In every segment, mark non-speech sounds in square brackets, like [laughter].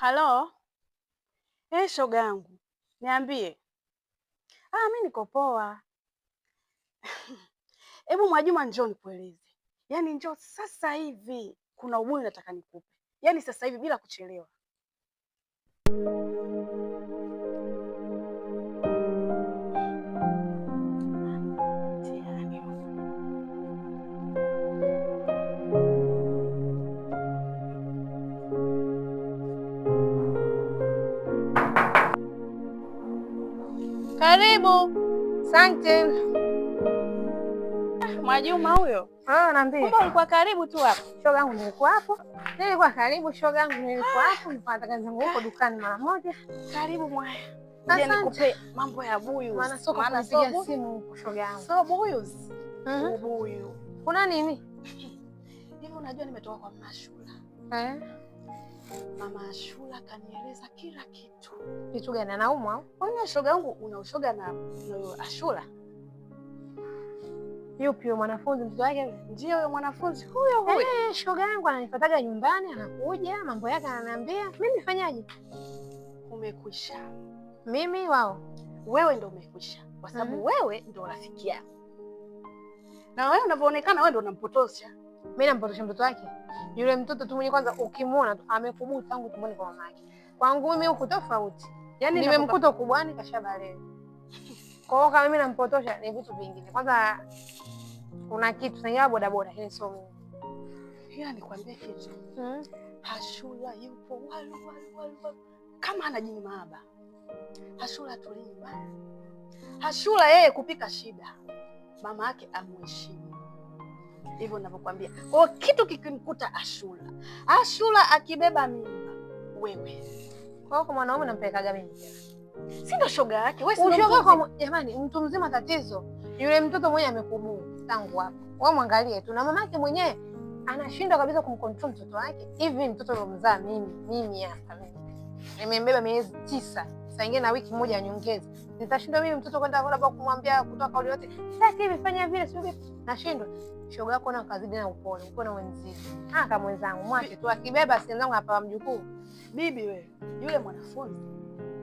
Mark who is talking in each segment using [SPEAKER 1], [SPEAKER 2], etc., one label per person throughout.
[SPEAKER 1] Halo. Hey, eh, shoga yangu niambie. Ah, mi niko poa. Hebu [laughs] Mwajuma, njoo nikueleze. Yaani njoo sasa hivi, kuna ubuni nataka nikupe, yaani sasa hivi bila kuchelewa. Karibu. Asante. Mwajuma huyo? Ah, naambia. Kumbe ulikuwa karibu tu hapo.
[SPEAKER 2] Shoga yangu nilikuwa hapo. Nilikuwa karibu shoga yangu nilikuwa hapo. Nipata nataka zangu huko dukani mara moja.
[SPEAKER 1] Karibu mwaya. Je, nikupe mambo ya buyu?
[SPEAKER 2] Maana soko kupigia simu shoga yangu.
[SPEAKER 1] So buyu. Mhm. Buyu. Kuna nini? Hivi unajua nimetoka kwa mashula. Eh? Mama Ashura kanieleza kila kitu.
[SPEAKER 2] Kitu gani? Anaumwa?
[SPEAKER 1] Ona shoga yangu, una ushoga na Ashura?
[SPEAKER 2] Yupi huyo mwanafunzi? Mtoto wake
[SPEAKER 1] ndio huyo mwanafunzi huyo huyo.
[SPEAKER 2] Eh, shoga yangu ananifataga nyumbani, anakuja mambo yake ananiambia. Mimi nifanyaje?
[SPEAKER 1] Umekwisha
[SPEAKER 2] mimi wao,
[SPEAKER 1] wewe ndo umekwisha kwa sababu mm -hmm. wewe ndo rafiki yao na wewe unavyoonekana, wewe ndio unampotosha
[SPEAKER 2] mimi namporosha mtoto wake yule mtoto tu mwenye kwanza, ukimwona tu amekubuta tangu tumboni kwa mama yake. Kwangu mimi huko tofauti, Yaani nimemkuta ukubwani kashabalele. Kwa hiyo kama mimi nampotosha ni vitu vingine. Kwanza kuna kitu sasa, boda boda hili sio mimi.
[SPEAKER 1] Pia nikwambie kitu hmm? Hashula yupo walu, walu, walu, Kama ana jini maaba Hashula tulii Hashula yeye kupika shida, mama yake amheshimu hivyo ninavyokuambia. Kwa kitu kikimkuta Ashura, Ashura akibeba mimba wewe.
[SPEAKER 2] Kwa kwa mwanaume nampelekaga mimi.
[SPEAKER 1] Si ndo shoga yake. Wewe si shoga
[SPEAKER 2] jamani, mtu mzima tatizo. Yule mtoto mwenye amekubuu tangu hapo. Wewe mwangalie tu na mama yake mwenyewe anashindwa kabisa kumkontrol mtoto wake. Hivi mtoto alomzaa mimi, mimi hapa mimi. Nimembeba miezi tisa tutaingia na wiki moja nyongeza. Nitashindwa mimi mtoto kwenda labda kumwambia kutoa kauli yote, sasa hivi fanya vile, sio nashindwa. Shoga yako na kazidi na upole, uko na wenzio. Ah, kama mwenzangu mwache tu akibeba si nzangu hapa mjukuu.
[SPEAKER 1] Bibi wewe, yule mwanafunzi.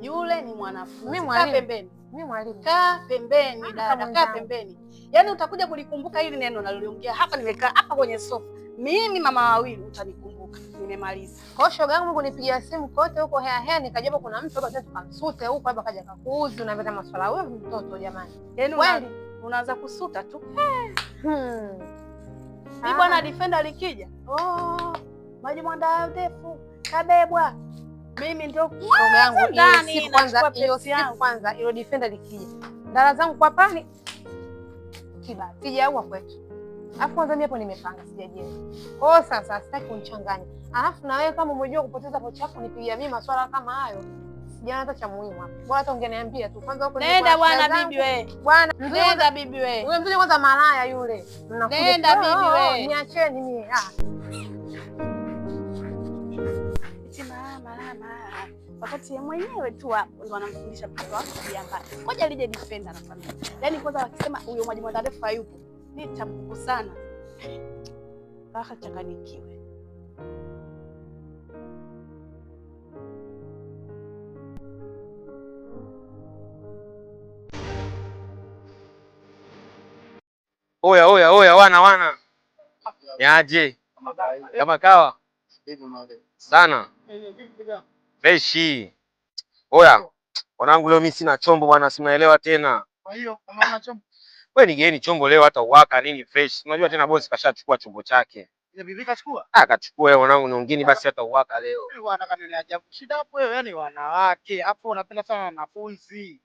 [SPEAKER 1] Yule ni mwanafunzi. Mimi mwalimu. Pembeni. Mimi mwalimu. Kaa pembeni ah, dada, kaa pembeni. Yani utakuja kulikumbuka hili neno naloliongea hapa nimekaa hapa kwenye sofa mimi mama wawili utanikumbuka. Nimemaliza.
[SPEAKER 2] Kwa hiyo shoga yangu simu kote huko hea hea, nikajua kuna mtu hapa tukamsute huko hapa kaja kakuuzi na maswala huyo mtoto jamani.
[SPEAKER 1] Yaani kweli unaanza kusuta tu. Hmm. Ni bwana defender likija. Oh. Maji mwanda ndefu kabebwa. Mimi ndio
[SPEAKER 2] shoga yangu si kwanza hiyo si kwanza ilo defender likija. Ndara zangu kwa pani. Kiba. Tija huko kwetu. Alafu kwanza mimi hapo nimepanga sijajenga. Kwa hiyo sasa sitaki kunichanganya. Alafu na wewe kama umejua kupoteza pochi yako nipigia mimi maswala kama hayo. Sijana hata cha muhimu hapo. Bora hata ungeniambia tu. Kwanza huko
[SPEAKER 1] nenda bwana bibi wewe. Bwana nenda bibi wewe.
[SPEAKER 2] Wewe mzuri kwanza malaya yule.
[SPEAKER 1] Nenda bibi wewe. Oh, oh,
[SPEAKER 2] niacheni mimi. Ah.
[SPEAKER 1] Wakati ya mwenyewe tu hapo anamfundisha mtoto wake kujiandaa. Ngoja lije dipenda na familia. Yaani kwanza wakisema huyo mwalimu mwaji mwandalefu hayupo nitabuku sana mpaka changanikiwe.
[SPEAKER 3] Oya, oya, oya, wana wana, niaje kama kawa sana freshi. Oya wanangu, leo mimi sina chombo bwana, simnaelewa tena We nigeeni chombo leo hata uwaka nini fresh. Unajua tena boss kashachukua chombo chake.
[SPEAKER 4] Ile bibi kachukua?
[SPEAKER 3] Ah, kachukua wewe wanangu nyingine basi hata uwaka leo.
[SPEAKER 4] Wewe Bwana kama ni ajabu. Shida hapo wewe yani wanawake. Hapo unapenda sana wanafunzi.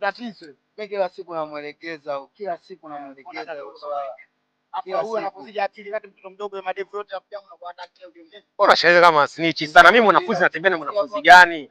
[SPEAKER 4] Tatizo. Mimi kila siku namuelekeza huko. Kila siku namuelekeza huko.
[SPEAKER 3] Unashangaza kama snitch sana. Mimi mwanafunzi natembea na mwanafunzi gani?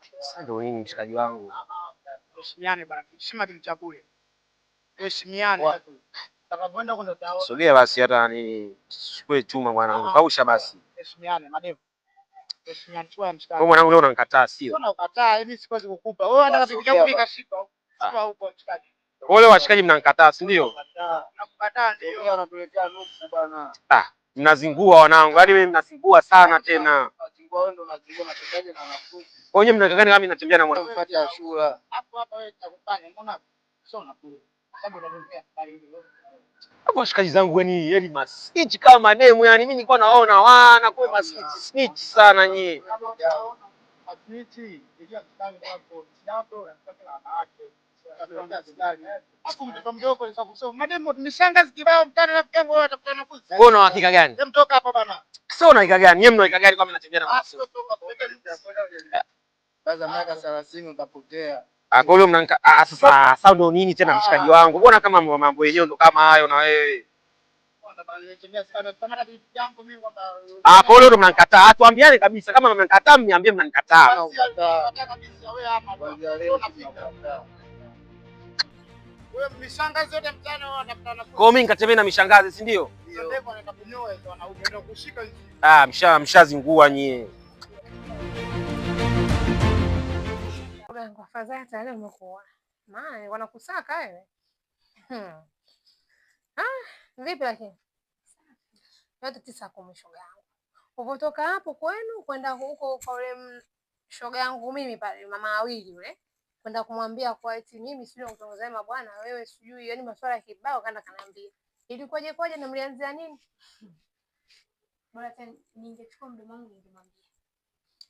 [SPEAKER 3] Sasa ndio mshikaji wangu.
[SPEAKER 4] Heshimiane bwana. Heshima kimchakule. Heshimiane. Eh,
[SPEAKER 3] Utakapoenda kwenda utaona. Sogea basi hata ni Sikwe chuma mwanangu. Ah. Kausha basi.
[SPEAKER 4] Heshimiane eh, madevu. Heshimiane eh, chua mshikaji.
[SPEAKER 3] Wewe mwanangu leo unanikataa sio?
[SPEAKER 4] Unakataa hivi siwezi kukupa. Wewe unataka kupiga kupika shika. Sio huko mshikaji.
[SPEAKER 3] Wale washikaji mnankataa si ndio?
[SPEAKER 4] Nakukataa ndio unatuletea nusu bwana.
[SPEAKER 3] Ah, mnazingua wanangu. Yaani mimi mnazingua sana tena.
[SPEAKER 4] Unazingua ndio unazingua na na wanafunzi.
[SPEAKER 3] Wewe mna gani kama mimi natembea na
[SPEAKER 4] mwanamke? ya shura. Hapo hapa wewe utakufanya. Mbona sio nakuru?
[SPEAKER 3] Hapo shikaji zangu wani yeli masichi kama mademu yani mimi nilikuwa naona wana kwa masichi snitch sana nyie. Wewe una hakika gani? Sio una hakika gani? Yeye mna hakika gani kama mnatembea na
[SPEAKER 4] mwanamke? Ah, kwa
[SPEAKER 3] hiyo mnanka ah, sasa, sasa ndio nini tena ah. mshikaji wangu, mbona kama mambo yenyewe ndo kama hayo na wewe. Ah, kwa hiyo ndo mnanikataa, ah, tuambiane kabisa kama mnanikataa mniambie mnankataa Kwa mimi nikatembea na mishangazi si ndio? Ah, mshazingua nyie
[SPEAKER 1] yangu afadhali tayari umekuona, maana wanakusaka wewe. Hmm. Ah, vipi lakini? Yote tisa kwa mshoga yangu. Upotoka hapo kwenu kwenda huko kwa ule shoga yangu mimi pale mama wawili yule kwenda kumwambia kwa eti mimi sio kutongoza mabwana wewe sijui yani masuala ya kibao kanda kanaambia. Ilikuwaje kwaje na mlianzia nini? Bora tena ningechukua mdomo wangu ningemwambia.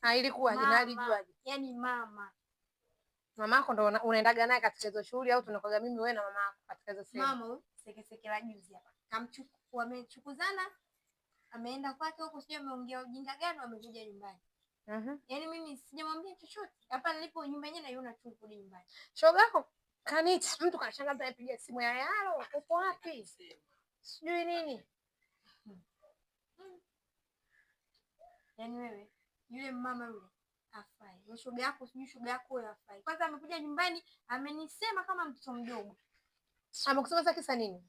[SPEAKER 1] Ah, ilikuwa na alijuaje? Yaani mama Mamako ndo unaendaga naye katika hizo shughuli au tunakwaga mimi wewe na mamako katika hizo sehemu? Mama sekeseke la juzi hapa. Kamchukua wamechukuzana. Ameenda kwake huko sio ameongea ujinga gani wamekuja nyumbani. Mhm. Uh Yaani mimi sijamwambia chochote. Hapa nilipo nyumba yenyewe naiona tu kule nyumbani. Shoga yako kanit mtu kashangaza mtu anapiga simu ya yalo uko wapi? Sijui nini. Hmm. Yaani wewe yule mama yule afai. Ni shoga yako sijui shoga yako wewe afai. Kwanza amekuja nyumbani amenisema kama mtoto mdogo. Amekusema sasa kisa nini?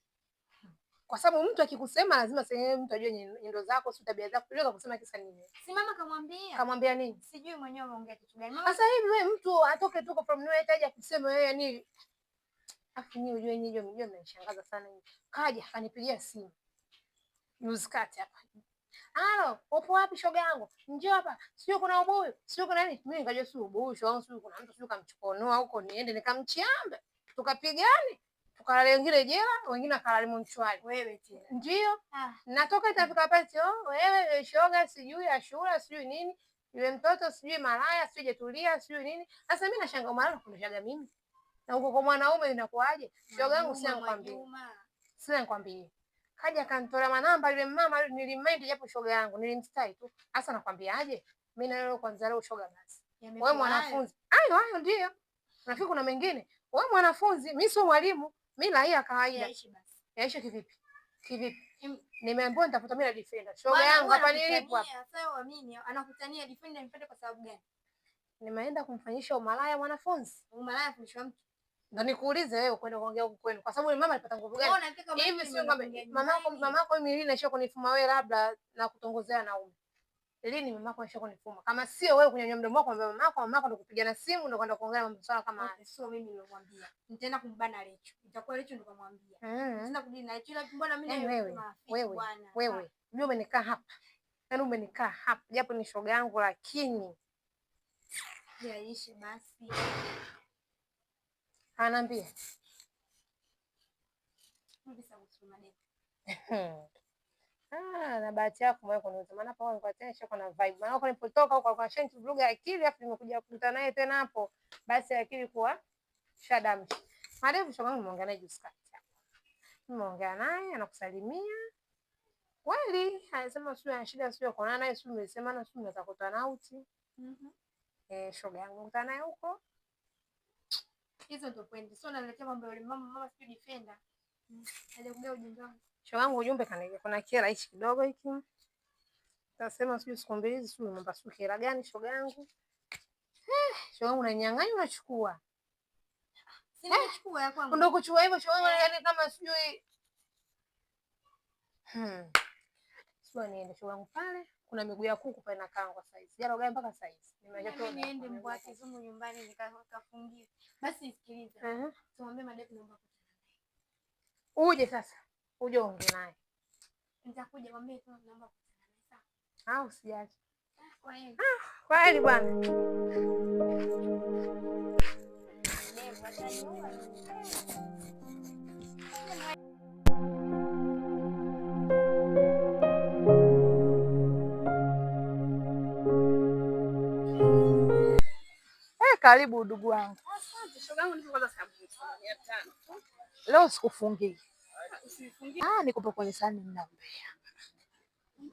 [SPEAKER 1] Kwa sababu mtu akikusema lazima sasa mtu ajue nyendo zako, si tabia zako. Leo kakusema kisa nini? Si mama kamwambia. Kamwambia nini? Sijui mwenyewe ameongea kitu gani. Mama Sasa hivi wewe mtu atoke tu from nowhere ataje akuseme wewe yani afu ni ujue nyinyi mjue mnanishangaza sana hivi. Kaja akanipigia simu. Juzi kati hapa. Halo, upo wapi shoga yangu? Njoo hapa. Sio kuna ubuyu, sio kuna nini? Mimi nikajua si ubuyu, shoga yangu sio kuna mtu sio kamchukonoa huko niende nikamchiambe. Tukapigane. Tukalala wengine jela, wengine akalala mchwali. Wewe tena. Ndio. Ah. Natoka itafika pale oh, sio? wewe shoga sijui shura sijui nini. Yule mtoto sijui malaya sijui jetulia sijui nini. Sasa mimi nashangaa malaya kunishaga mimi. Na huko kwa mwanaume inakuaje? Shoga yangu sina nikwambie. Sina nikwambie kaja akanitolea manamba yule mama, yule, nilimmendi japo shoga yangu nilimstai tu. Hasa nakwambiaje, aje, mimi na leo kwanza leo shoga basi. Wewe mwanafunzi. Hayo hayo ndio. Nafikiri kuna mengine. Wewe mwanafunzi, mimi sio mwalimu, mimi raia kawaida. Yaishi basi. Yaishi kivipi? Kivipi? Nimeambiwa nitafuta mimi na defender. Shoga yangu hapa nilipo hapa. Sasa uamini, anakutania defender nipende kwa sababu gani? Nimeenda kumfanyisha umalaya mwanafunzi. Umalaya kumshwa mtu. Ndo nikuulize wewe kwenda kuongea huko kwenu, kwa sababu ni mama alipata nguvu gani yaani hivi? Sio kwamba mamako mamako mimi inaishia kunifuma wewe, labda na kutongozea na ume lini, mamako anaishia kunifuma kama sio wewe kunyanyua mdomo wako kwa mamako. Mamako ndo kupigana simu, ndo kwenda kuongea mambo sawa kama okay, Sio mimi nilomwambia, nitaenda kumbana Lecho. Nitakuwa Lecho ndo kumwambia, mm. Sina kudili na Lecho Ila mbona mimi yaani wewe wewe wewe ah. mimi umenikaa hapa, yaani umenikaa hapa, japo ni shoga yangu lakini Yaishi basi Anaambia ah, na bahati yako mwa kuniuza. Maana hapo nilikuwa tena na vibe. Maana nilipotoka huko akili afu nimekuja kukuta naye tena hapo. Basi akili kuwa shadam. Marefu naye juzi kati. naye anakusalimia. Kweli, anasema sio ana shida sio naye sio na sio mnaweza kukutana Mhm. Mm eh, shoga yangu kukutana naye huko hizo ndo pointi, sio naletea mambo ya mama mama, sio defender hajakugea ujumbe wangu. Showangu ujumbe kana kuna kila hichi kidogo hiki tasema, sio siku mbili hizi sio mambo sio kila gani, shoga yangu [sighs] showangu unanyang'anya, unachukua ndio kuchukua hivyo showangu, yani kama sijui hmm, sio niende showangu pale kuna miguu ya kuku pale nakaa kwa size. Yaro gani mpaka size. Mimi niende mbwa kizumu nyumbani nikafungie. Basi sikiliza. Uh -huh. Tumwambie madam naomba kukutana naye. Uje sasa. Uje ongea naye. Nitakuja mwambie tu naomba kukutana naye sasa. Ah, usiache. Kwa hiyo. Ah, kwa hiyo ah, bwana. Leo Karibu udugu wangu. Leo sikufungi. Ah, nikupe kwenye sahani mna umbea.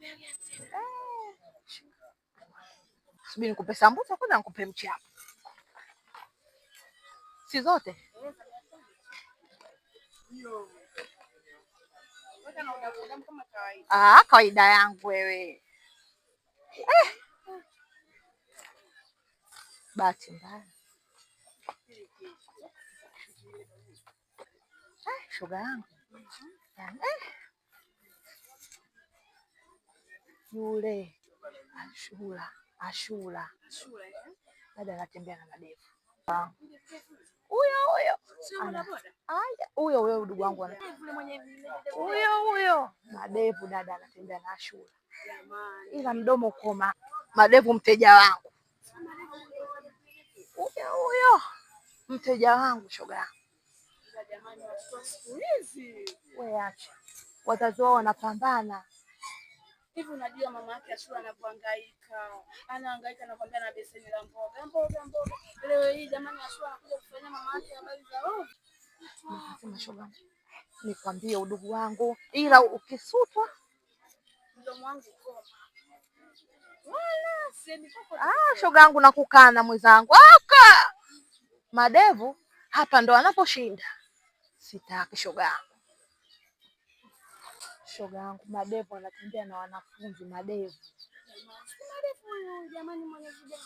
[SPEAKER 1] Eh. Subiri nikupe sambusa kwanza, nikupe mchapo. Si zote ah, kawaida yangu wewe eh bahati mbaya. Ah, shoga yangu eh, yule Ashura Ashura dada anatembea na madevu huyo huyo huyo huyo, ndugu wangu huyo huyo, madevu dada anatembea na Ashura, ila mdomo koma, madevu mteja wangu huyo huyo mteja wangu, shoga yangu. Wewe acha wazazi wao wanapambana hivi. Unajua mama yake Ashura anavyohangaika, anahangaika anakwambia na beseni la mboga mboga mboga. Leo hii jamani, Ashura anakuja kufanya mama yake habari za roho. Nikasema shoga, nikwambie udugu wangu, ila ukisutwa mdomo wangu koma Ah, shoga yangu nakukana mwenzangu, aka ah, madevu hapa ndo anaposhinda. Sitaki shoga yangu, shoga yangu, madevu anatembea na wanafunzi madevu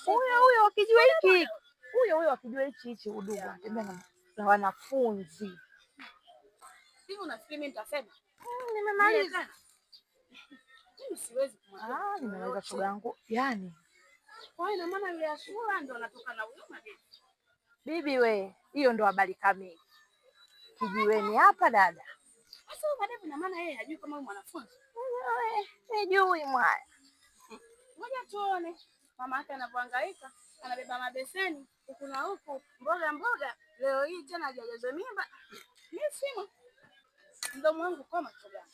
[SPEAKER 1] huyo huyo wakijua hiki huyo huyo wakijua hichi hichi huduma tembea na wanafunzi. Eh, nimemaliza nimeweza shoga yangu. Kwa hiyo ina maana yule ndo anatoka na huyo bibi. Bibi we, hiyo ndo habari kamili. Kijiweni hapa dada. Sasa baadaye ina maana yeye hajui kama mwanafunzi. Sijui mwana. Ngoja tuone mama yake anapohangaika, anabeba mabeseni huku na huku, mboga mboga. Leo hii tena hajajaza mimba. Mimi simo. Ndio mwangu koma choga.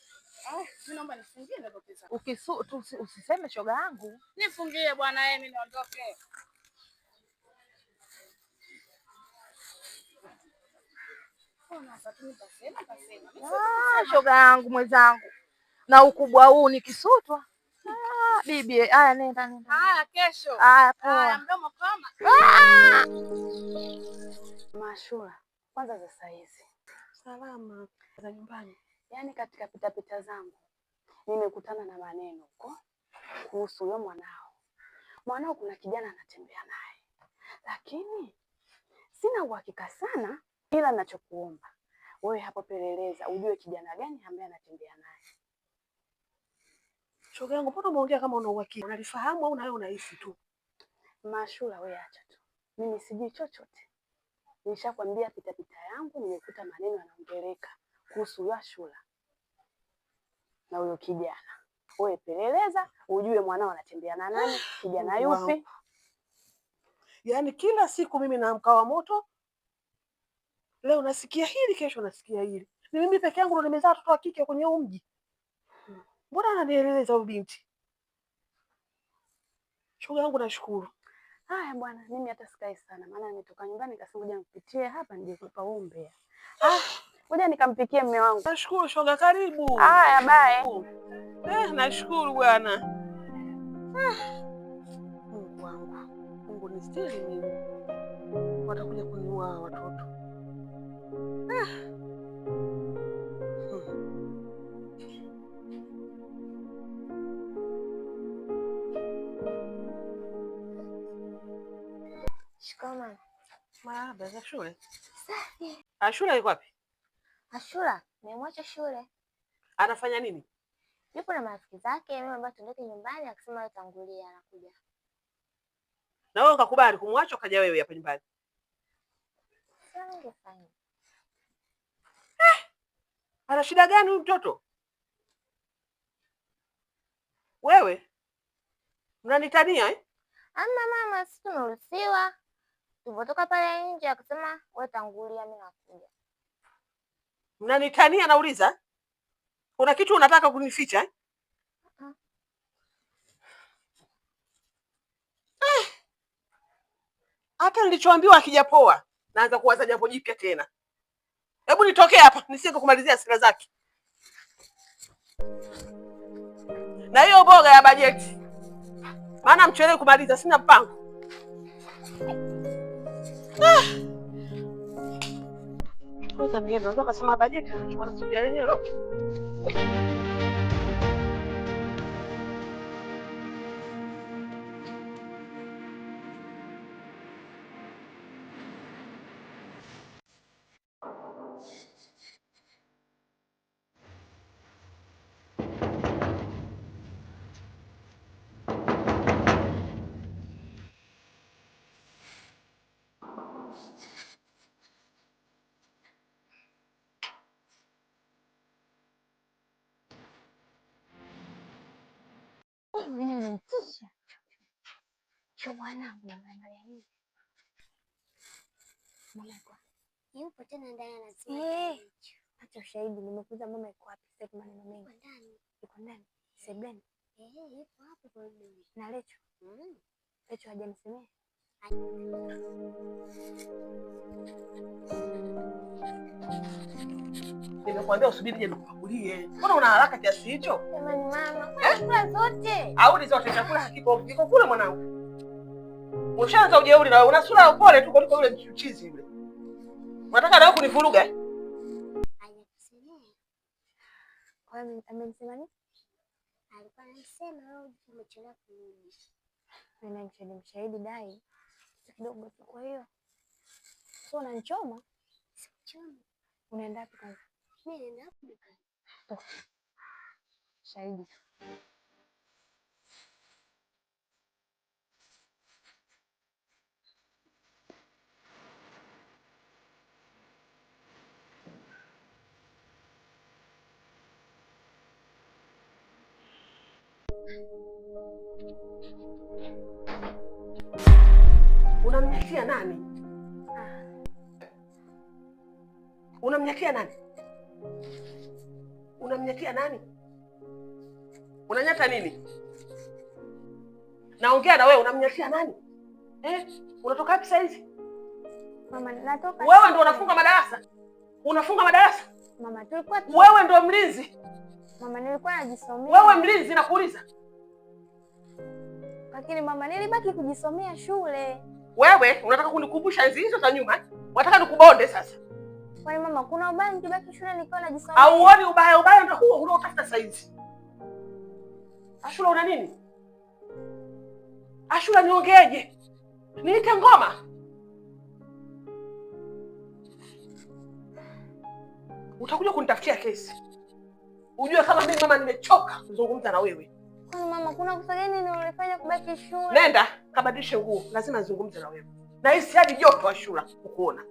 [SPEAKER 1] Eh, usiseme shoga yangu, nifungie bwana, eh, mimi niondoke. Oh, ah, shoga yangu mwenzangu, na ukubwa huu nikisutwa ah, bibi. Haya, nenda nenda. Haya, kesho. Haya, poa. Mdomo ah! Mashura, kwanza za saizi salama za nyumbani Yaani katika pitapita zangu nimekutana na maneno huko kuhusu huyo mwanao. Mwanao kuna kijana anatembea naye, lakini sina uhakika sana, ila nachokuomba wewe hapo peleleza, ujue kijana gani ambaye anatembea naye. Shoga yangu, mbona umeongea kama una uhakika? Unalifahamu au nawe unahisi tu? Mashura, wewe acha tu, mimi sijui chochote. Nishakwambia pitapita yangu nimekuta maneno yanaongeleka kuhusu shula na huyo kijana. Wewe peleleza ujue mwanao anatembea na nani, kijana yupi? Yaani kila siku mimi naamka wa moto, leo nasikia hili, kesho nasikia hili. Ni mimi peke yangu ndo nimezaa watoto wa kike kwenye huu mji, mbona ananieleleza huyu binti? Shoga yangu nashukuru. Haya bwana, mimi hata sikai sana, maana nimetoka nyumbani, kasema ngoja nipitie hapa nije kupa umbea. Ah, Ngoja nikampikie mme wangu. Nashukuru shoga, karibu. Haya, bae. Eh, nashukuru bwana. Ah, Mungu wangu, Mungu ni stiri mimi, watakuja kuniua watoto. Ah. Hmm.
[SPEAKER 5] Shikamoo.
[SPEAKER 1] Mara baza shule. Safi. Ah, shule iko wapi?
[SPEAKER 5] Ashura nimemwacha shule.
[SPEAKER 1] Anafanya nini?
[SPEAKER 5] Yupo na marafiki zake, mimi ambaye tuondoke nyumbani, akisema wewe tangulia, anakuja.
[SPEAKER 1] Na wewe ukakubali kumwacha ukaja wewe hapa nyumbani. Eh, ana shida gani huyu mtoto? Wewe unanitania eh?
[SPEAKER 5] Ama mama, si tumeruhusiwa. Tulipotoka pale nje akasema wewe tangulia, mimi nakuja.
[SPEAKER 1] Mnanitania nauliza, kuna kitu unataka kunificha eh? hata nilichoambiwa akijapoa naanza kuwaza jambo jipya tena. Hebu nitokee hapa nisije kumalizia hasira zake na hiyo boga ya bajeti, maana mchelewe kumaliza, sina mpango ah. Não sabia, não. Sama banyak. Cuma sekian je.
[SPEAKER 5] Yupo tena ndani
[SPEAKER 1] eh. hata ushahidi nimekuza. Mama iko wapi? Sasa maneno mengi, iko ndani sebleni eh, na Lecho. Lecho mm. hajanisemea Nimekuambia usubiri je, nikupakulie. Mbona una haraka kiasi hicho?
[SPEAKER 5] Jamani mama, eh? kula zote
[SPEAKER 1] au ni zote? Chakula hakipo, kiko kule mwanangu Ushaanza ujeuri na una sura ya upole tu kuliko yule mchuchizi yule. Unataka na kunivuruga? Nina mshahidi mshahidi dai kidogo tu. Kwa hiyo sio unanichoma?
[SPEAKER 5] Sikuchomi.
[SPEAKER 1] Unaenda wapi kwanza?
[SPEAKER 5] Mimi naenda dukani.
[SPEAKER 1] Shahidi. Unamnyakia nani? Unamnyakia nani? Unamnyakia nani? Unanyata nini? Naongea na wewe, unamnyakia nani eh? Unatoka wapi saizi?
[SPEAKER 5] Mama, natoka. Wewe
[SPEAKER 1] ndio unafunga madarasa? Unafunga madarasa?
[SPEAKER 5] Mama, tulikuwa. Wewe
[SPEAKER 1] ndio mlinzi?
[SPEAKER 5] Mama, nilikuwa najisomea. Wewe
[SPEAKER 1] mlinzi, nakuuliza
[SPEAKER 5] lakini mama, nilibaki kujisomea shule.
[SPEAKER 1] Wewe unataka kunikumbusha enzi hizo za nyuma? Unataka nikubonde sasa?
[SPEAKER 5] Kwani mama, kuna ubaya nikibaki shule nikiwa najisomea? Auoni
[SPEAKER 1] ubaya? Ubaya ndio huo unaotafuta saizi. Ashura, una nini? Ashura, niongeeje? Niite ngoma? Utakuja kunitafutia kesi, ujue kama mimi mama nimechoka kuzungumza na wewe.
[SPEAKER 5] Mama, kuna kosa gani nilolifanya kubaki shule? Nenda
[SPEAKER 1] kabadilishe nguo, lazima nizungumze na wewe. Na hisi hadi joto wa shule kukuona.